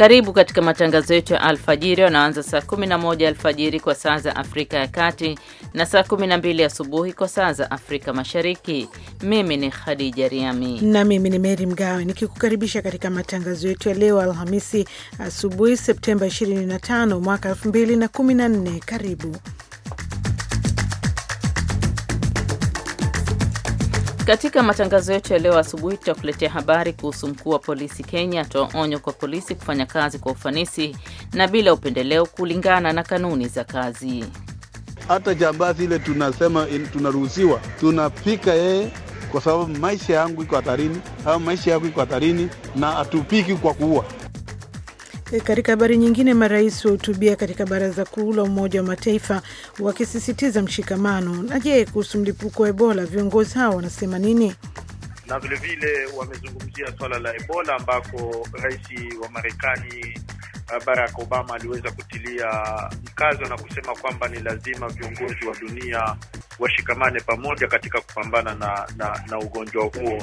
Karibu katika matangazo yetu ya alfajiri wanaanza saa 11 alfajiri kwa saa za Afrika ya Kati na saa 12 asubuhi kwa saa za Afrika Mashariki. Mimi ni Khadija Riami na mimi ni Meri Mgawe nikikukaribisha katika matangazo yetu ya leo Alhamisi asubuhi, Septemba 25 mwaka 2014. Karibu Katika matangazo yetu ya leo asubuhi, tutakuletea habari kuhusu mkuu wa polisi Kenya atoa onyo kwa polisi kufanya kazi kwa ufanisi na bila upendeleo kulingana na kanuni za kazi. Hata jambazi ile tunasema tunaruhusiwa, tunapika yeye kwa sababu maisha yangu iko hatarini, au maisha yako iko hatarini, na hatupiki kwa kuua. E, katika habari nyingine, marais wahutubia katika baraza kuu la Umoja wa Mataifa wakisisitiza mshikamano. Na je, kuhusu mlipuko wa Ebola, viongozi hao wanasema nini? Na vilevile wamezungumzia swala la Ebola ambako rais wa Marekani eh, Barack Obama aliweza kutilia mkazo na kusema kwamba ni lazima viongozi wa dunia washikamane pamoja katika kupambana na, na, na ugonjwa huo.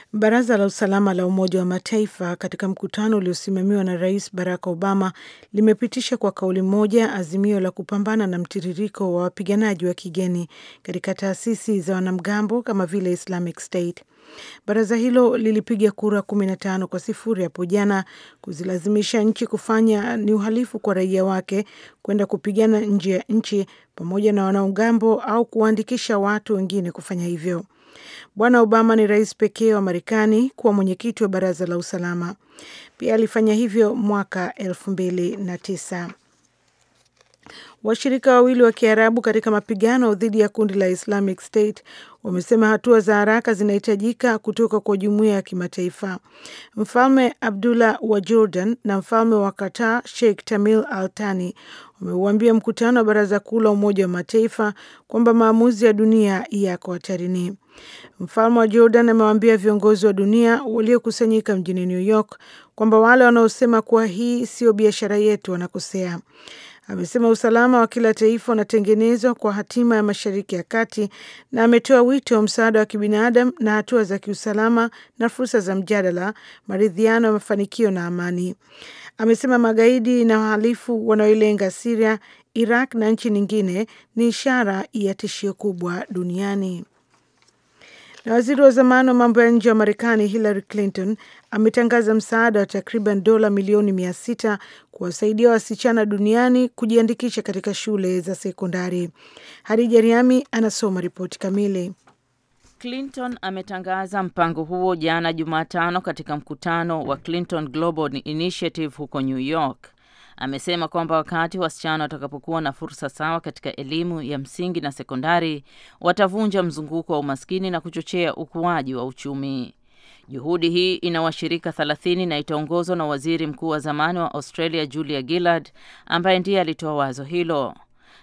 Baraza la usalama la Umoja wa Mataifa katika mkutano uliosimamiwa na Rais Barack Obama limepitisha kwa kauli moja azimio la kupambana na mtiririko wa wapiganaji wa kigeni katika taasisi za wanamgambo kama vile Islamic State. Baraza hilo lilipiga kura 15 kwa sifuri hapo jana kuzilazimisha nchi kufanya ni uhalifu kwa raia wake kwenda kupigana nje ya nchi pamoja na wanamgambo au kuwaandikisha watu wengine kufanya hivyo. Bwana Obama ni rais pekee wa Marekani kuwa mwenyekiti wa baraza la usalama. Pia alifanya hivyo mwaka elfu mbili na tisa. Washirika wawili wa Kiarabu katika mapigano dhidi ya kundi la Islamic State wamesema hatua za haraka zinahitajika kutoka kwa jumuiya ya kimataifa. Mfalme Abdullah wa Jordan na mfalme wa Qatar Sheikh tamil Al Thani wameuambia mkutano wa baraza kuu la Umoja wa Mataifa kwamba maamuzi ya dunia yako hatarini. Mfalme wa Jordan amewaambia viongozi wa dunia waliokusanyika mjini New York kwamba wale wanaosema kuwa hii sio biashara yetu wanakosea. Amesema usalama wa kila taifa unatengenezwa kwa hatima ya Mashariki ya Kati na ametoa wito wa msaada wa kibinadamu na hatua za kiusalama na fursa za mjadala, maridhiano ya mafanikio na amani. Amesema magaidi na wahalifu wanaoilenga Siria, Iraq na nchi nyingine ni ishara ya tishio kubwa duniani. Na waziri wa zamani wa mambo ya nje wa Marekani Hillary Clinton ametangaza msaada wa takriban dola milioni mia sita kuwasaidia wasichana duniani kujiandikisha katika shule za sekondari. Hadija Riami anasoma ripoti kamili. Clinton ametangaza mpango huo jana Jumatano katika mkutano wa Clinton Global Initiative huko New York. Amesema kwamba wakati wasichana watakapokuwa na fursa sawa katika elimu ya msingi na sekondari, watavunja mzunguko wa umaskini na kuchochea ukuaji wa uchumi. Juhudi hii ina washirika thelathini na itaongozwa na waziri mkuu wa zamani wa Australia Julia Gillard ambaye ndiye alitoa wazo hilo.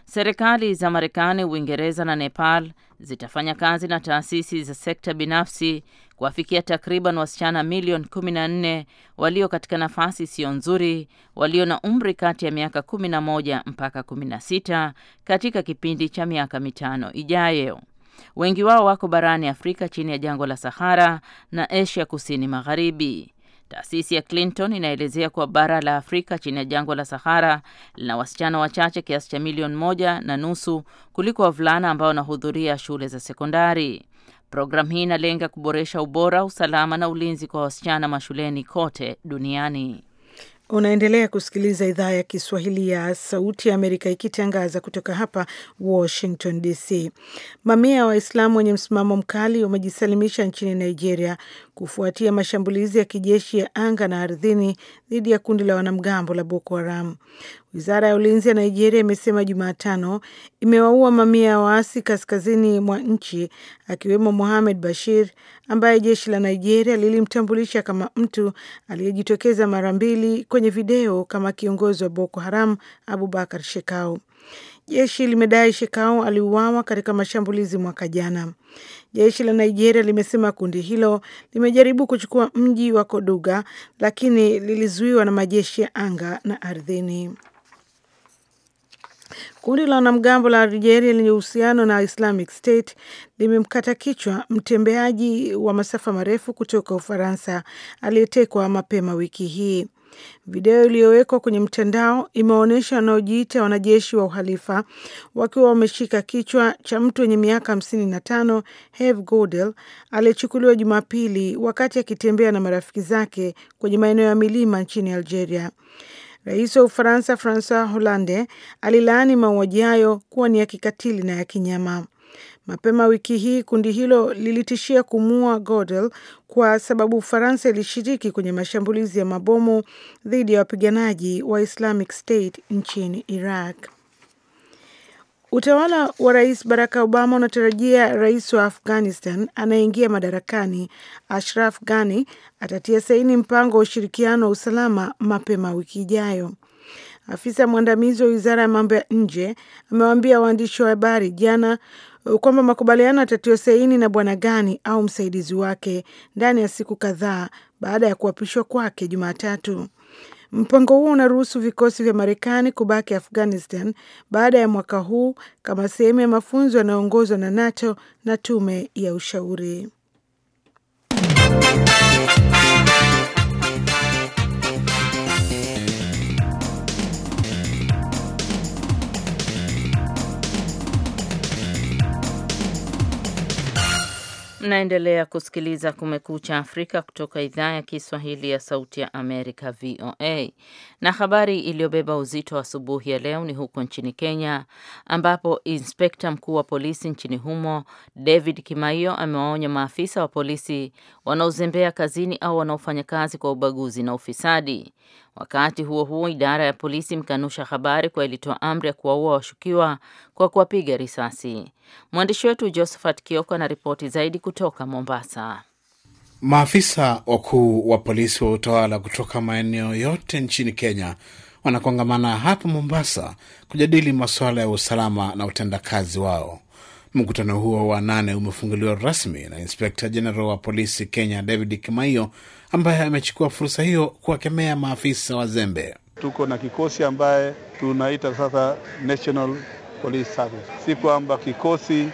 Serikali za Marekani, Uingereza na Nepal zitafanya kazi na taasisi za sekta binafsi kuwafikia takriban wasichana milioni 14 walio katika nafasi isiyo nzuri walio na umri kati ya miaka 11 mpaka 16 katika kipindi cha miaka mitano ijayo. Wengi wao wako barani Afrika chini ya jangwa la Sahara na Asia Kusini Magharibi. Taasisi ya Clinton inaelezea kuwa bara la Afrika chini ya jangwa la Sahara lina wasichana wachache kiasi cha milioni moja na nusu kuliko wavulana ambao wanahudhuria shule za sekondari. Programu hii inalenga kuboresha ubora, usalama na ulinzi kwa wasichana mashuleni kote duniani. Unaendelea kusikiliza idhaa ya Kiswahili ya Sauti ya Amerika ikitangaza kutoka hapa Washington DC. Mamia ya Waislamu wenye msimamo mkali wamejisalimisha nchini Nigeria kufuatia mashambulizi ya kijeshi ya anga na ardhini dhidi ya kundi la wanamgambo la Boko Haram. Wizara ya ulinzi ya Nigeria imesema Jumatano imewaua mamia ya waasi kaskazini mwa nchi, akiwemo Mohamed Bashir ambaye jeshi la Nigeria lilimtambulisha kama mtu aliyejitokeza mara mbili kwenye video kama kiongozi wa Boko Haram, Abubakar Shekau. Jeshi limedai Shekau aliuawa katika mashambulizi mwaka jana. Jeshi la Nigeria limesema kundi hilo limejaribu kuchukua mji wa Koduga lakini lilizuiwa na majeshi ya anga na ardhini. Kundi la wanamgambo la Algeria lenye uhusiano na Islamic State limemkata kichwa mtembeaji wa masafa marefu kutoka Ufaransa aliyetekwa mapema wiki hii. Video iliyowekwa kwenye mtandao imeonyesha wanaojiita wanajeshi wa uhalifa wakiwa wameshika kichwa cha mtu wenye miaka hamsini na tano heve Godel aliyechukuliwa Jumapili wakati akitembea na marafiki zake kwenye maeneo ya milima nchini Algeria. Rais wa Ufaransa Francois Hollande alilaani mauaji hayo kuwa ni ya kikatili na ya kinyama. Mapema wiki hii kundi hilo lilitishia kumua Godel kwa sababu Ufaransa ilishiriki kwenye mashambulizi ya mabomu dhidi ya wapiganaji wa Islamic State nchini Iraq. Utawala wa Rais Barack Obama unatarajia rais wa Afghanistan anayeingia madarakani Ashraf Ghani atatia saini mpango wa ushirikiano wa usalama mapema wiki ijayo. Afisa mwandamizi wa wizara ya mambo ya nje amewaambia waandishi wa habari jana kwamba makubaliano yatatiwa saini na bwana Gani au msaidizi wake ndani ya siku kadhaa baada ya kuapishwa kwake Jumatatu. Mpango huo unaruhusu vikosi vya Marekani kubaki Afghanistan baada ya mwaka huu kama sehemu ya mafunzo yanayoongozwa na NATO na tume ya ushauri Mnaendelea kusikiliza Kumekucha Afrika kutoka idhaa ya Kiswahili ya Sauti ya Amerika, VOA. Na habari iliyobeba uzito asubuhi ya leo ni huko nchini Kenya, ambapo inspekta mkuu wa polisi nchini humo David kimaio amewaonya maafisa wa polisi wanaozembea kazini au wanaofanya kazi kwa ubaguzi na ufisadi. Wakati huo huo, idara ya polisi imekanusha habari kuwa ilitoa amri ya kuwaua washukiwa kwa kuwapiga risasi. Mwandishi wetu Josephat Kioko ana ripoti zaidi kutoka Mombasa. Maafisa wakuu wa polisi wa utawala kutoka maeneo yote nchini Kenya wanakongamana hapa Mombasa kujadili masuala ya usalama na utendakazi wao. Mkutano huo wa nane umefunguliwa rasmi na inspekta jeneral wa polisi Kenya David Kimaiyo ambaye amechukua fursa hiyo kuwakemea maafisa wa zembe Tuko na kikosi ambaye tunaita sasa National Police Service, si kwamba kikosi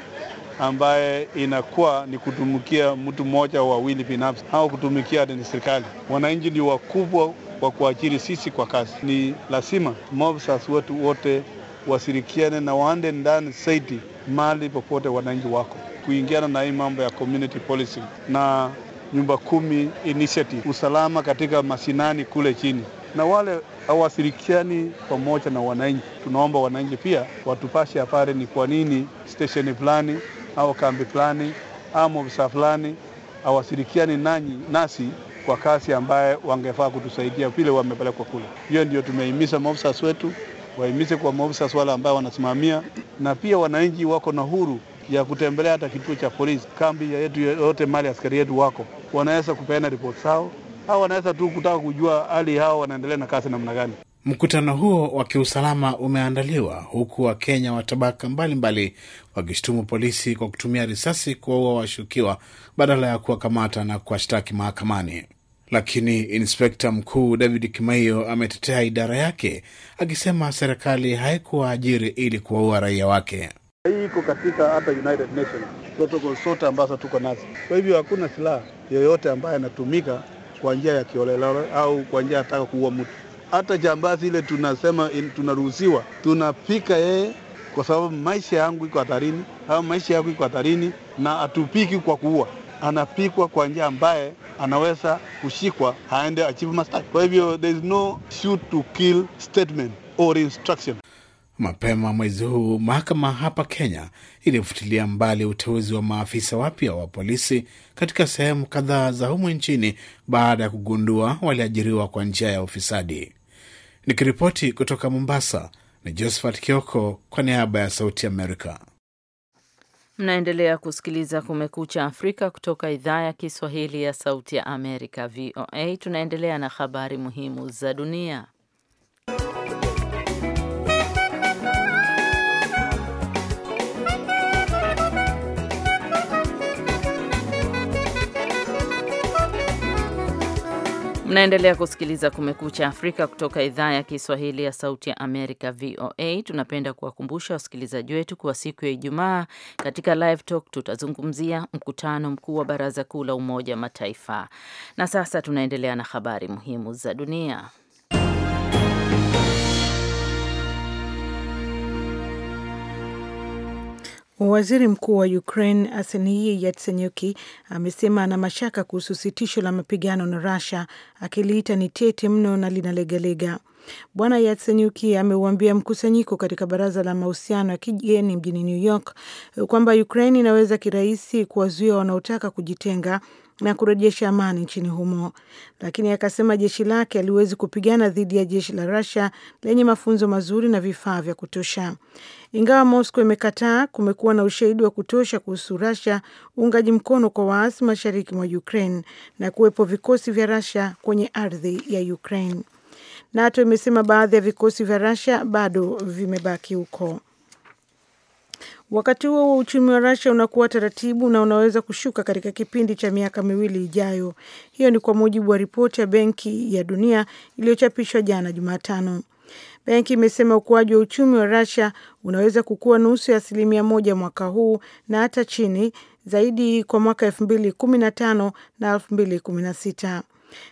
ambaye inakuwa ni kutumikia mtu mmoja au wawili binafsi au kutumikia ni serikali. Wananchi ndio wakubwa wa kuajiri sisi kwa kazi. Ni lazima maofisa wetu wote washirikiane na waande ndani zaidi, mali popote wananchi wako, kuingiana na hii mambo ya community policing na nyumba kumi initiative usalama katika mashinani kule chini, na wale hawashirikiani pamoja na wananchi. Tunaomba wananchi pia watupashe habari, ni kwa nini stesheni fulani au kambi fulani au ofisa fulani hawashirikiani nanyi nasi kwa kazi ambaye wangefaa kutusaidia vile wamepelekwa kule. Hiyo ndio tumehimiza maofisa wetu wahimize kwa maofisa wale ambao wanasimamia, na pia wananchi wako na huru ya kutembelea hata kituo cha polisi, kambi ya yetu yote mali askari yetu wako, wanaweza kupeana ripoti zao au wanaweza tu kutaka kujua hali hao wanaendelea na kazi namna gani. Mkutano huo wa kiusalama umeandaliwa huku Wakenya wa tabaka mbalimbali wakishtumu polisi kwa kutumia risasi kuwaua washukiwa badala ya kuwakamata na kuwashtaki mahakamani. Lakini inspekta mkuu David Kimaiyo ametetea idara yake akisema serikali haikuwaajiri ili kuwaua raia wake. Hii iko katika hata United Nations protocol zote ambazo tuko nazo. Kwa hivyo hakuna silaha yoyote ambayo anatumika kwa njia ya kiolelole au kwa njia ataka kuua mtu. Hata jambazi ile tunasema tunaruhusiwa, tunapika yeye kwa sababu maisha yangu iko hatarini au maisha yako iko hatarini, na atupiki kwa kuua, anapikwa kwa njia ambaye anaweza kushikwa aende achieve mastaki. Kwa hivyo there is no shoot to kill statement or instruction. Mapema mwezi huu mahakama hapa Kenya ilifutilia mbali uteuzi wa maafisa wapya wa polisi katika sehemu kadhaa za humu nchini baada ya kugundua waliajiriwa kwa njia ya ufisadi. Nikiripoti kutoka Mombasa ni Josephat Kioko kwa niaba ya Sauti Amerika. Mnaendelea kusikiliza Kumekucha Afrika kutoka idhaa ya Kiswahili ya Sauti ya Amerika, VOA. Tunaendelea na habari muhimu za dunia. Mnaendelea kusikiliza Kumekucha Afrika kutoka idhaa ya Kiswahili ya Sauti ya Amerika, VOA. Tunapenda kuwakumbusha wasikilizaji wetu kuwa siku ya Ijumaa katika Live Talk tutazungumzia mkutano mkuu wa Baraza Kuu la Umoja wa Mataifa. Na sasa tunaendelea na habari muhimu za dunia. Waziri mkuu wa Ukraine Arseniy Yatsenyuki amesema ana mashaka kuhusu sitisho la mapigano na rusia akiliita ni tete mno na linalegalega. Bwana Yatsenyuki ameuambia mkusanyiko katika baraza la mahusiano ya kigeni mjini New York kwamba Ukraine inaweza kirahisi kuwazuia wanaotaka kujitenga na kurejesha amani nchini humo, lakini akasema jeshi lake aliwezi kupigana dhidi ya jeshi la Russia lenye mafunzo mazuri na vifaa vya kutosha. Ingawa Moscow imekataa, kumekuwa na ushahidi wa kutosha kuhusu Russia uungaji mkono kwa waasi mashariki mwa Ukraine na kuwepo vikosi vya Russia kwenye ardhi ya Ukraine. NATO imesema baadhi ya vikosi vya Russia bado vimebaki huko. Wakati huo uchumi wa Russia unakuwa taratibu na unaweza kushuka katika kipindi cha miaka miwili ijayo. Hiyo ni kwa mujibu wa ripoti ya Benki ya Dunia iliyochapishwa jana Jumatano. Benki imesema ukuaji wa uchumi wa Russia unaweza kukua nusu ya asilimia moja mwaka huu na hata chini zaidi kwa mwaka elfu mbili kumi na tano na elfu mbili kumi na sita.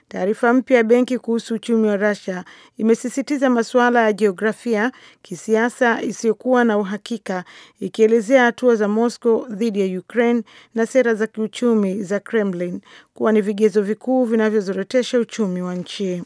Taarifa mpya ya benki kuhusu uchumi wa Russia imesisitiza masuala ya jiografia, kisiasa isiyokuwa na uhakika, ikielezea hatua za Moscow dhidi ya Ukraine na sera za kiuchumi za Kremlin kuwa ni vigezo vikuu vinavyozorotesha uchumi wa nchi.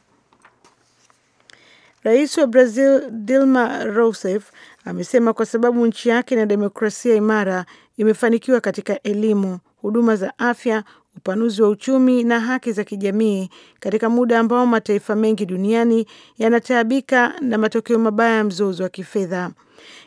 Rais wa Brazil Dilma Rousseff amesema kwa sababu nchi yake na demokrasia imara, imefanikiwa katika elimu, huduma za afya, upanuzi wa uchumi na haki za kijamii katika muda ambao mataifa mengi duniani yanataabika na matokeo mabaya ya mzozo wa kifedha.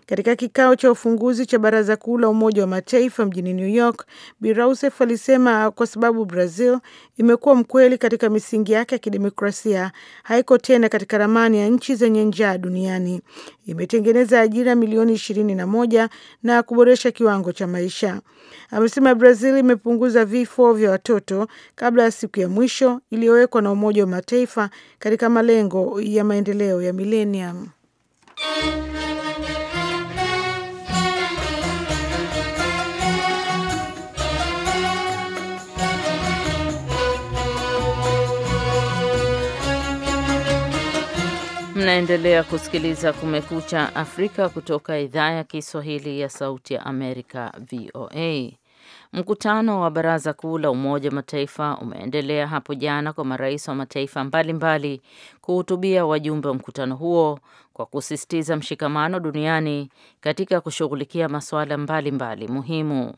Katika kikao cha ufunguzi cha Baraza Kuu la Umoja wa Mataifa mjini New York, Bi Rousseff alisema kwa sababu Brazil imekuwa mkweli katika misingi yake ya kidemokrasia, haiko tena katika ramani ya nchi zenye njaa duniani. Imetengeneza ajira milioni ishirini moja na kuboresha kiwango cha maisha. Amesema Brazil imepunguza vifo vya watoto kabla ya siku ya mwisho iliyowekwa na Umoja wa Mataifa katika malengo ya maendeleo ya milenium. Mnaendelea kusikiliza Kumekucha Afrika kutoka idhaa ya Kiswahili ya Sauti ya Amerika, VOA. Mkutano wa Baraza Kuu la Umoja wa Mataifa umeendelea hapo jana kwa marais wa mataifa mbalimbali kuhutubia wajumbe wa mkutano huo kwa kusisitiza mshikamano duniani katika kushughulikia masuala mbalimbali muhimu.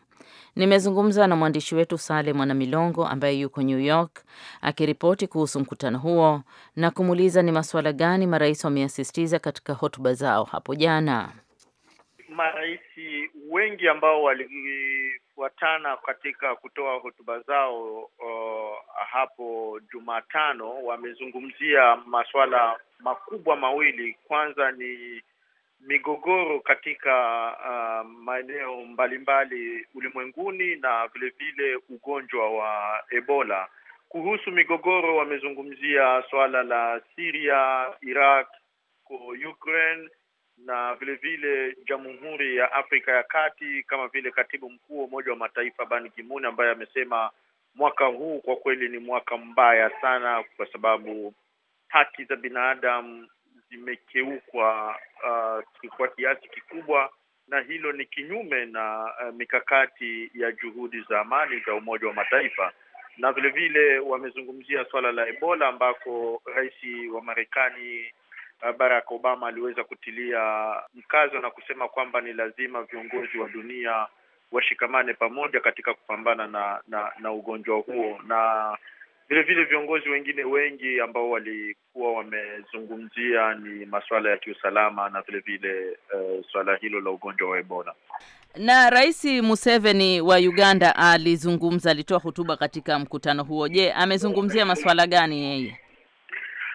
Nimezungumza na mwandishi wetu Sale Mwanamilongo ambaye yuko New York akiripoti kuhusu mkutano huo na kumuuliza ni masuala gani marais wameyasisitiza katika hotuba zao hapo jana. Marais wengi ambao walifuatana katika kutoa hotuba zao uh, hapo Jumatano wamezungumzia masuala makubwa mawili. Kwanza ni migogoro katika uh, maeneo mbalimbali ulimwenguni na vilevile ugonjwa wa Ebola. Kuhusu migogoro, wamezungumzia suala la Syria, Iraq, ko Ukraine na vilevile Jamhuri ya Afrika ya Kati, kama vile katibu mkuu wa Umoja wa Mataifa Ban Ki-moon ambaye amesema mwaka huu kwa kweli ni mwaka mbaya sana, kwa sababu haki za binadamu zimekeukwa uh, kwa kiasi kikubwa, na hilo ni kinyume na uh, mikakati ya juhudi za amani za Umoja wa Mataifa na vile vile wamezungumzia swala la Ebola ambako rais wa Marekani uh, Barack Obama aliweza kutilia mkazo na kusema kwamba ni lazima viongozi wa dunia washikamane pamoja katika kupambana na na, na ugonjwa huo na Vilevile viongozi wengine wengi ambao walikuwa wamezungumzia ni masuala ya kiusalama na vilevile uh, eh, suala hilo la ugonjwa wa Ebola. Na Rais Museveni wa Uganda alizungumza, alitoa hotuba katika mkutano huo. Je, amezungumzia masuala gani yeye?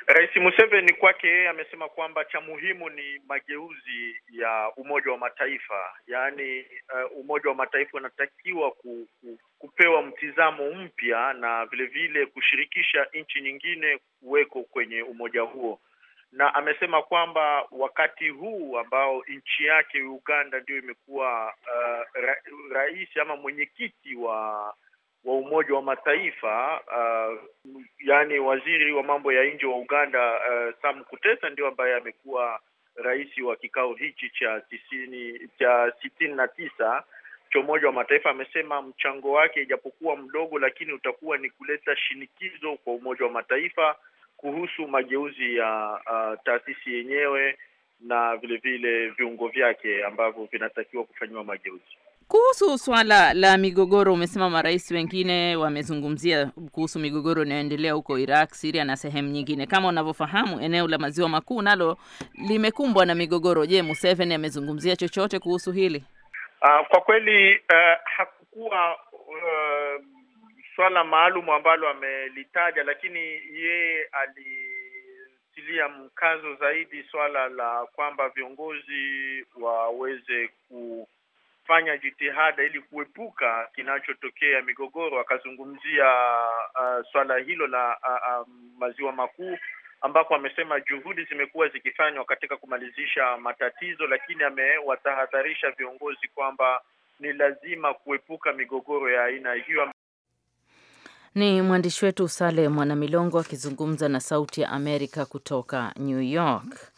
Rais Museveni kwake yeye amesema kwamba cha muhimu ni mageuzi ya Umoja wa Mataifa, yaani uh, Umoja wa Mataifa unatakiwa ku, ku, kupewa mtizamo mpya na vile vile kushirikisha nchi nyingine kuweko kwenye umoja huo, na amesema kwamba wakati huu ambao nchi yake Uganda ndio imekuwa uh, ra rais ama mwenyekiti wa wa Umoja wa Mataifa uh, yaani waziri wa mambo ya nje wa Uganda uh, Sam Kutesa ndio ambaye amekuwa rais wa kikao hichi cha tisini cha sitini na tisa cha Umoja wa Mataifa amesema mchango wake ijapokuwa mdogo, lakini utakuwa ni kuleta shinikizo kwa Umoja wa Mataifa kuhusu mageuzi ya uh, taasisi yenyewe na vile vile viungo vyake ambavyo vinatakiwa kufanyiwa mageuzi. Kuhusu swala la migogoro, umesema marais wengine wamezungumzia kuhusu migogoro inayoendelea huko Iraq, Siria na sehemu nyingine. Kama unavyofahamu, eneo la maziwa makuu nalo limekumbwa na migogoro. Je, Museveni amezungumzia chochote kuhusu hili? Uh, kwa kweli uh, hakukuwa uh, swala maalum ambalo amelitaja, lakini yeye alitilia mkazo zaidi swala la kwamba viongozi waweze kufanya jitihada ili kuepuka kinachotokea migogoro. Akazungumzia uh, swala hilo la uh, uh, maziwa makuu ambako amesema juhudi zimekuwa zikifanywa katika kumalizisha matatizo, lakini amewatahadharisha viongozi kwamba ni lazima kuepuka migogoro ya aina hiyo. Ni mwandishi wetu Sale Mwanamilongo akizungumza na Sauti ya Amerika kutoka New York.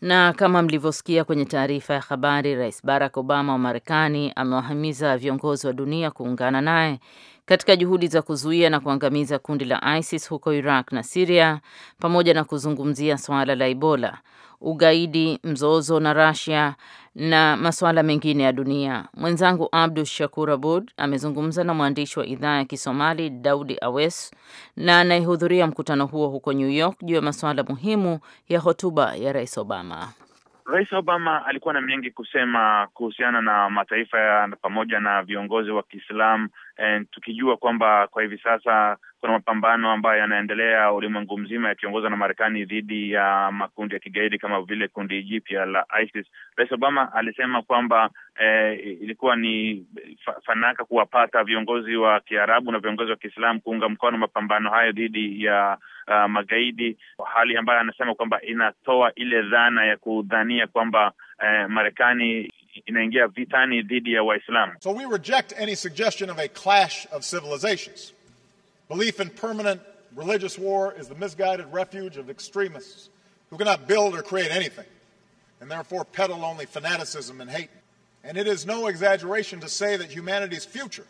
Na kama mlivyosikia kwenye taarifa ya habari, Rais Barack Obama wa Marekani amewahimiza viongozi wa dunia kuungana naye katika juhudi za kuzuia na kuangamiza kundi la ISIS huko Iraq na Siria, pamoja na kuzungumzia suala la Ebola, ugaidi, mzozo na Rasia na masuala mengine ya dunia. Mwenzangu Abdu Shakur Abud amezungumza na mwandishi wa idhaa ya Kisomali Daudi Awes na anayehudhuria mkutano huo huko New York juu ya masuala muhimu ya hotuba ya Rais Obama. Rais Obama alikuwa na mengi kusema kuhusiana na mataifa ya pamoja na viongozi wa Kiislamu and eh, tukijua kwamba kwa hivi sasa kuna mapambano ambayo yanaendelea ulimwengu mzima yakiongozwa na Marekani dhidi ya makundi ya kigaidi kama vile kundi jipya la ISIS. Rais Obama alisema kwamba eh, ilikuwa ni fanaka kuwapata viongozi wa Kiarabu na viongozi wa Kiislamu kuunga mkono mapambano hayo dhidi ya uh, magaidi, hali ambayo anasema kwamba inatoa ile dhana ya kudhania kwamba Eh, Marekani inaingia vitani dhidi ya Waislamu. So we reject any suggestion of a clash of civilizations. Belief in permanent religious war is the misguided refuge of extremists who cannot build or create anything and therefore peddle only fanaticism and hate. And it is no exaggeration to say that humanity's future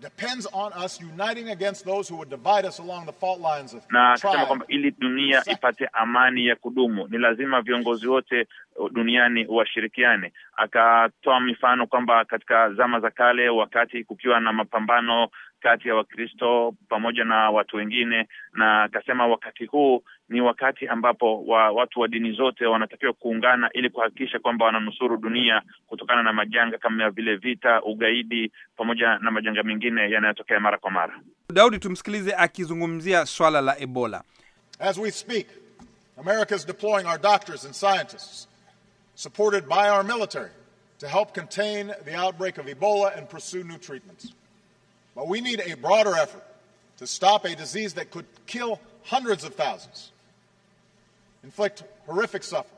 depends on us uniting against those who would divide us along the fault lines of na kusema kwamba ili dunia ipate amani ya kudumu ni lazima viongozi wote duniani washirikiane. Akatoa mifano kwamba katika zama za kale, wakati kukiwa na mapambano kati ya Wakristo pamoja na watu wengine, na akasema wakati huu ni wakati ambapo wa, watu wa dini zote wanatakiwa kuungana ili kuhakikisha kwamba wananusuru dunia kutokana na majanga kama vile vita, ugaidi pamoja na majanga mengine yanayotokea mara kwa mara. Daudi, tumsikilize akizungumzia swala la Ebola. As we speak, America is deploying our doctors and scientists supported by our military to help contain the outbreak of Ebola and pursue new treatments. But we need a broader effort to stop a disease that could kill hundreds of thousands, inflict horrific suffering.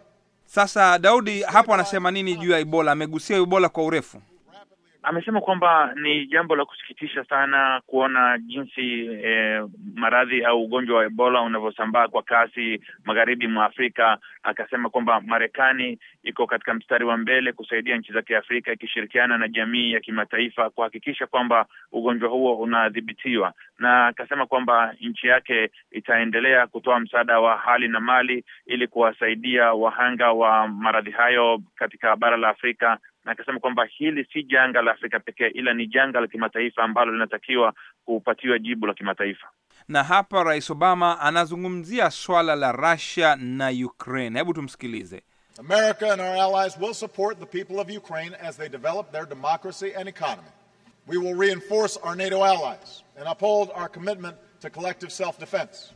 Sasa Daudi hapo anasema nini juu ya Ebola? Amegusia Ebola kwa urefu amesema kwamba ni jambo la kusikitisha sana kuona jinsi eh, maradhi au ugonjwa wa Ebola unavyosambaa kwa kasi magharibi mwa Afrika. Akasema kwamba Marekani iko katika mstari wa mbele kusaidia nchi za Kiafrika ikishirikiana na jamii ya kimataifa kuhakikisha kwamba ugonjwa huo unadhibitiwa, na akasema kwamba nchi yake itaendelea kutoa msaada wa hali na mali ili kuwasaidia wahanga wa maradhi hayo katika bara la Afrika na akasema kwamba hili si janga la Afrika pekee, ila ni janga la kimataifa ambalo linatakiwa kupatiwa jibu la kimataifa. Na hapa Rais Obama anazungumzia swala la Russia na Ukraine. Hebu tumsikilize. America and our allies will support the people of Ukraine as they develop their democracy and economy. We will reinforce our NATO allies and uphold our commitment to collective self-defense.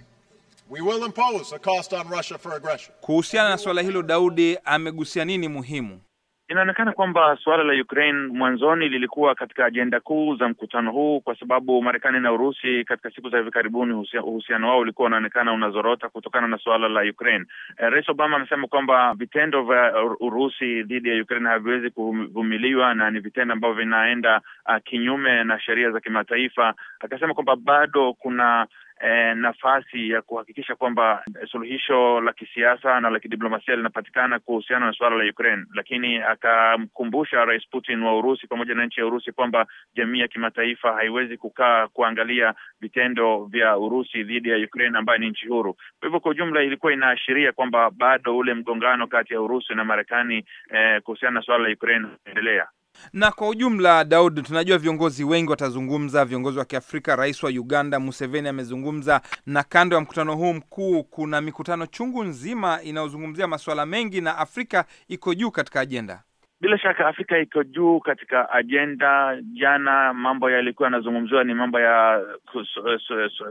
We will impose a cost on Russia for aggression. Kuhusiana na swala hilo, Daudi amegusia nini muhimu? Inaonekana kwamba suala la Ukraine mwanzoni lilikuwa katika ajenda kuu za mkutano huu, kwa sababu Marekani na Urusi katika siku za hivi karibuni uhusiano wao ulikuwa unaonekana unazorota kutokana na suala la Ukraine. Eh, Rais Obama amesema kwamba vitendo vya Urusi dhidi ya Ukraine haviwezi kuvumiliwa na ni vitendo ambavyo vinaenda uh, kinyume na sheria za kimataifa. Akasema kwamba bado kuna eh, nafasi ya kuhakikisha kwamba eh, suluhisho la kisiasa na la kidiplomasia linapatikana kuhusiana na suala la Ukraine, lakini akamkumbusha Rais Putin wa Urusi pamoja na nchi ya Urusi kwamba jamii ya kimataifa haiwezi kukaa kuangalia vitendo vya Urusi dhidi ya Ukraine ambayo ni nchi huru. Kwa hivyo, kwa ujumla ilikuwa inaashiria kwamba bado ule mgongano kati ya Urusi na Marekani eh, kuhusiana na suala la Ukraine unaendelea. Na kwa ujumla, Daud, tunajua viongozi wengi watazungumza, viongozi wa Kiafrika. Rais wa Uganda Museveni amezungumza, na kando ya mkutano huu mkuu kuna mikutano chungu nzima inayozungumzia masuala mengi, na Afrika iko juu katika ajenda. Bila shaka Afrika iko juu katika ajenda. Jana mambo yalikuwa yanazungumziwa ni mambo ya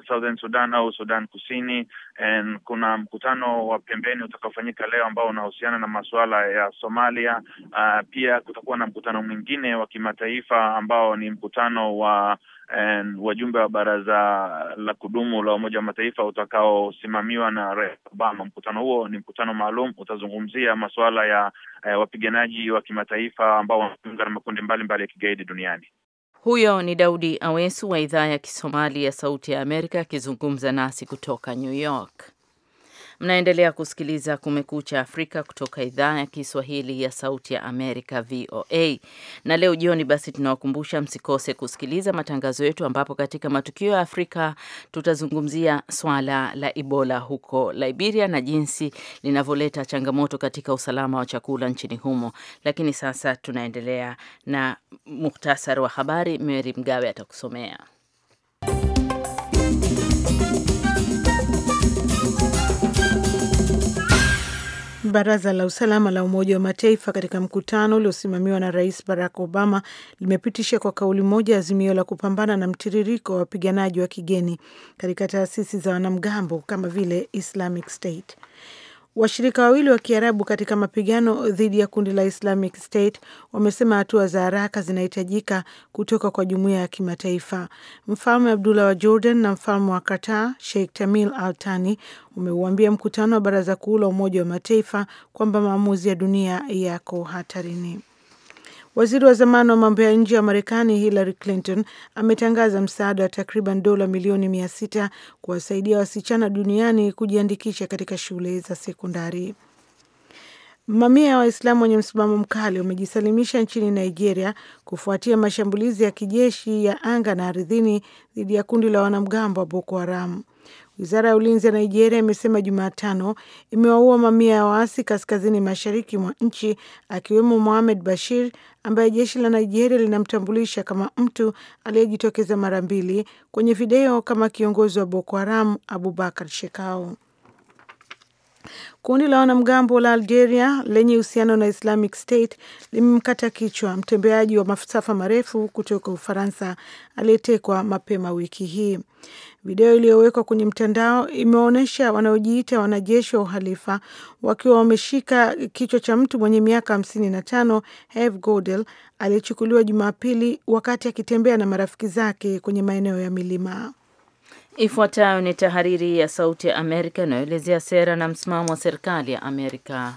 Southern Sudan au Sudan Kusini. And kuna mkutano wa pembeni utakaofanyika leo ambao unahusiana na masuala ya Somalia. Uh, pia kutakuwa na mkutano mwingine wa kimataifa ambao ni mkutano wa wajumbe wa baraza la kudumu la Umoja wa Mataifa utakaosimamiwa na Rais Obama. Mkutano huo ni mkutano maalum, utazungumzia masuala ya eh, wapiganaji wa kimataifa ambao wanajiunga na makundi mbalimbali ya kigaidi duniani. Huyo ni Daudi Awesu wa idhaa ya Kisomali ya Sauti ya Amerika akizungumza nasi kutoka New York. Mnaendelea kusikiliza Kumekucha Afrika kutoka idhaa ya Kiswahili ya Sauti ya Amerika, VOA. Na leo jioni basi tunawakumbusha msikose kusikiliza matangazo yetu, ambapo katika matukio ya Afrika tutazungumzia swala la Ebola huko Liberia na jinsi linavyoleta changamoto katika usalama wa chakula nchini humo. Lakini sasa tunaendelea na muhtasari wa habari. Mary Mgawe atakusomea. Baraza la usalama la Umoja wa Mataifa katika mkutano uliosimamiwa na Rais Barack Obama limepitisha kwa kauli moja azimio la kupambana na mtiririko wa wapiganaji wa kigeni katika taasisi za wanamgambo kama vile Islamic State. Washirika wawili wa Kiarabu katika mapigano dhidi ya kundi la Islamic State wamesema hatua za haraka zinahitajika kutoka kwa jumuiya ya kimataifa. Mfalme Abdullah wa Jordan na mfalme wa Qatar Sheikh tamil Al Thani umeuambia mkutano wa Baraza Kuu la Umoja wa Mataifa kwamba maamuzi ya dunia yako hatarini. Waziri wa zamani wa mambo ya nje wa Marekani Hillary Clinton ametangaza msaada wa takriban dola milioni mia sita kuwasaidia wasichana duniani kujiandikisha katika shule za sekondari. Mamia ya Waislamu wenye msimamo mkali wamejisalimisha nchini Nigeria kufuatia mashambulizi ya kijeshi ya anga na ardhini dhidi ya kundi la wanamgambo wa Boko Haram. Wizara ya ulinzi ya Nigeria imesema Jumatano imewaua mamia ya waasi kaskazini mashariki mwa nchi, akiwemo Mohamed Bashir ambaye jeshi la Nigeria linamtambulisha kama mtu aliyejitokeza mara mbili kwenye video kama kiongozi wa Boko Haram Abubakar Shekau. Kundi la wanamgambo la Algeria lenye uhusiano na Islamic State limemkata kichwa mtembeaji wa masafa marefu kutoka Ufaransa aliyetekwa mapema wiki hii. Video iliyowekwa kwenye mtandao imeonyesha wanaojiita wanajeshi wa uhalifa wakiwa wameshika kichwa cha mtu mwenye miaka hamsini na tano Hev Godel aliyechukuliwa Jumapili wakati akitembea na marafiki zake kwenye maeneo ya milima. Ifuatayo ni tahariri ya Sauti ya Amerika inayoelezea sera na msimamo wa serikali ya Amerika.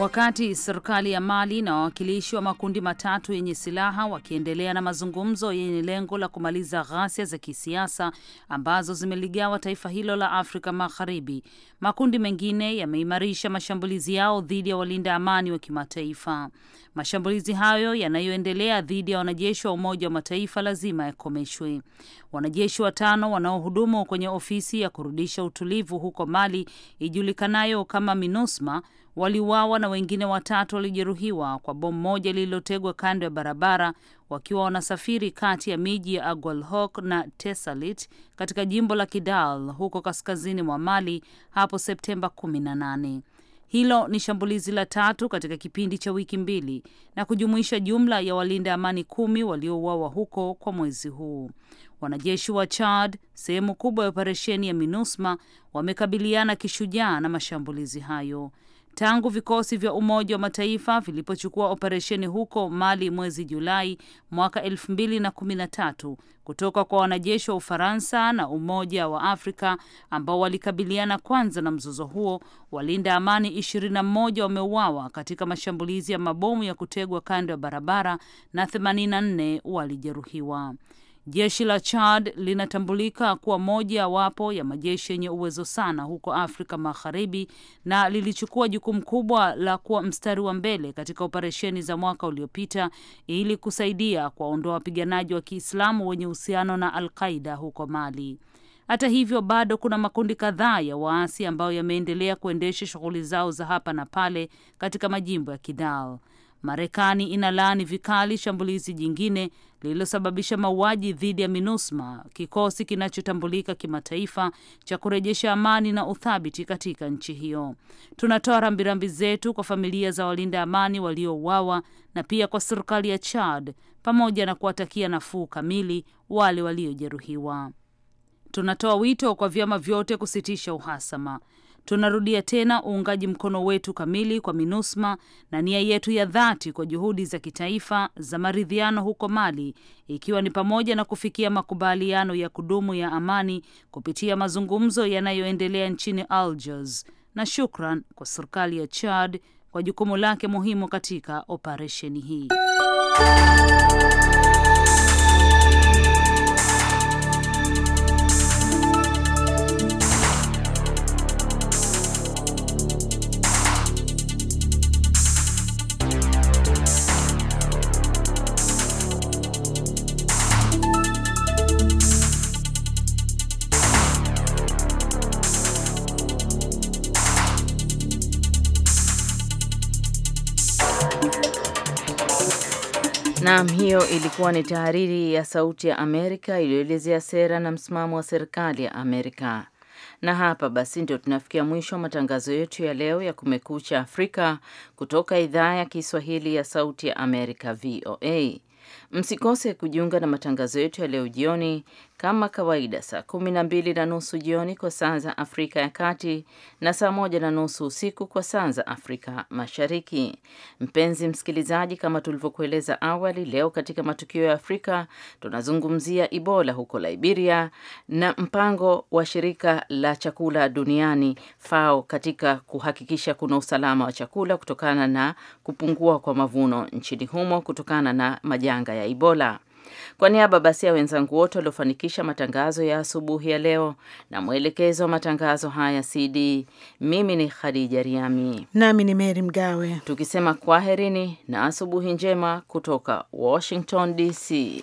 Wakati serikali ya Mali na wawakilishi wa makundi matatu yenye silaha wakiendelea na mazungumzo yenye lengo la kumaliza ghasia za kisiasa ambazo zimeligawa taifa hilo la Afrika Magharibi, makundi mengine yameimarisha mashambulizi yao dhidi ya walinda amani wa kimataifa. Mashambulizi hayo yanayoendelea dhidi ya wanajeshi wa Umoja wa Mataifa lazima yakomeshwe. Wanajeshi watano wanaohudumu kwenye ofisi ya kurudisha utulivu huko Mali ijulikanayo kama MINUSMA waliuawa na wengine watatu walijeruhiwa kwa bomu moja lililotegwa kando ya barabara wakiwa wanasafiri kati ya miji ya Agualhok na Tesalit katika jimbo la Kidal huko kaskazini mwa Mali hapo Septemba 18. Hilo ni shambulizi la tatu katika kipindi cha wiki mbili na kujumuisha jumla ya walinda amani kumi waliouawa huko kwa mwezi huu. Wanajeshi wa Chad, sehemu kubwa ya operesheni ya MINUSMA, wamekabiliana kishujaa na mashambulizi hayo. Tangu vikosi vya Umoja wa Mataifa vilipochukua operesheni huko Mali mwezi Julai mwaka elfu mbili na kumi na tatu kutoka kwa wanajeshi wa Ufaransa na Umoja wa Afrika ambao walikabiliana kwanza na mzozo huo, walinda amani ishirini na mmoja wameuawa katika mashambulizi ya mabomu ya kutegwa kando ya barabara na 84 walijeruhiwa. Jeshi la Chad linatambulika kuwa moja wapo ya majeshi yenye uwezo sana huko Afrika Magharibi na lilichukua jukumu kubwa la kuwa mstari wa mbele katika operesheni za mwaka uliopita ili kusaidia kuwaondoa wapiganaji wa Kiislamu wenye uhusiano na Al-Qaida huko Mali. Hata hivyo bado kuna makundi kadhaa ya waasi ambayo yameendelea kuendesha shughuli zao za hapa na pale katika majimbo ya Kidal. Marekani inalaani vikali shambulizi jingine lililosababisha mauaji dhidi ya MINUSMA, kikosi kinachotambulika kimataifa cha kurejesha amani na uthabiti katika nchi hiyo. Tunatoa rambirambi zetu kwa familia za walinda amani waliouawa na pia kwa serikali ya Chad, pamoja na kuwatakia nafuu kamili wale waliojeruhiwa. Tunatoa wito kwa vyama vyote kusitisha uhasama Tunarudia tena uungaji mkono wetu kamili kwa MINUSMA na nia yetu ya dhati kwa juhudi za kitaifa za maridhiano huko Mali, ikiwa ni pamoja na kufikia makubaliano ya kudumu ya amani kupitia mazungumzo yanayoendelea nchini Algiers, na shukran kwa serikali ya Chad kwa jukumu lake muhimu katika operesheni hii. Naam, hiyo ilikuwa ni tahariri ya Sauti ya Amerika iliyoelezea sera na msimamo wa serikali ya Amerika. Na hapa basi ndio tunafikia mwisho wa matangazo yetu ya leo ya Kumekucha Afrika kutoka idhaa ya Kiswahili ya Sauti ya Amerika, VOA. Msikose kujiunga na matangazo yetu ya leo jioni kama kawaida, saa kumi na mbili na nusu jioni kwa saa za Afrika ya Kati na saa moja na nusu usiku kwa saa za Afrika Mashariki. Mpenzi msikilizaji, kama tulivyokueleza awali, leo katika matukio ya Afrika tunazungumzia Ebola huko Liberia na mpango wa shirika la chakula duniani FAO katika kuhakikisha kuna usalama wa chakula kutokana na kupungua kwa mavuno nchini humo kutokana na majanga ya Ebola. Kwa niaba basi ya wenzangu wote waliofanikisha matangazo ya asubuhi ya leo na mwelekezo wa matangazo haya CD, mimi ni Khadija Riami nami ni Meri Mgawe, tukisema kwaherini na asubuhi njema kutoka Washington DC.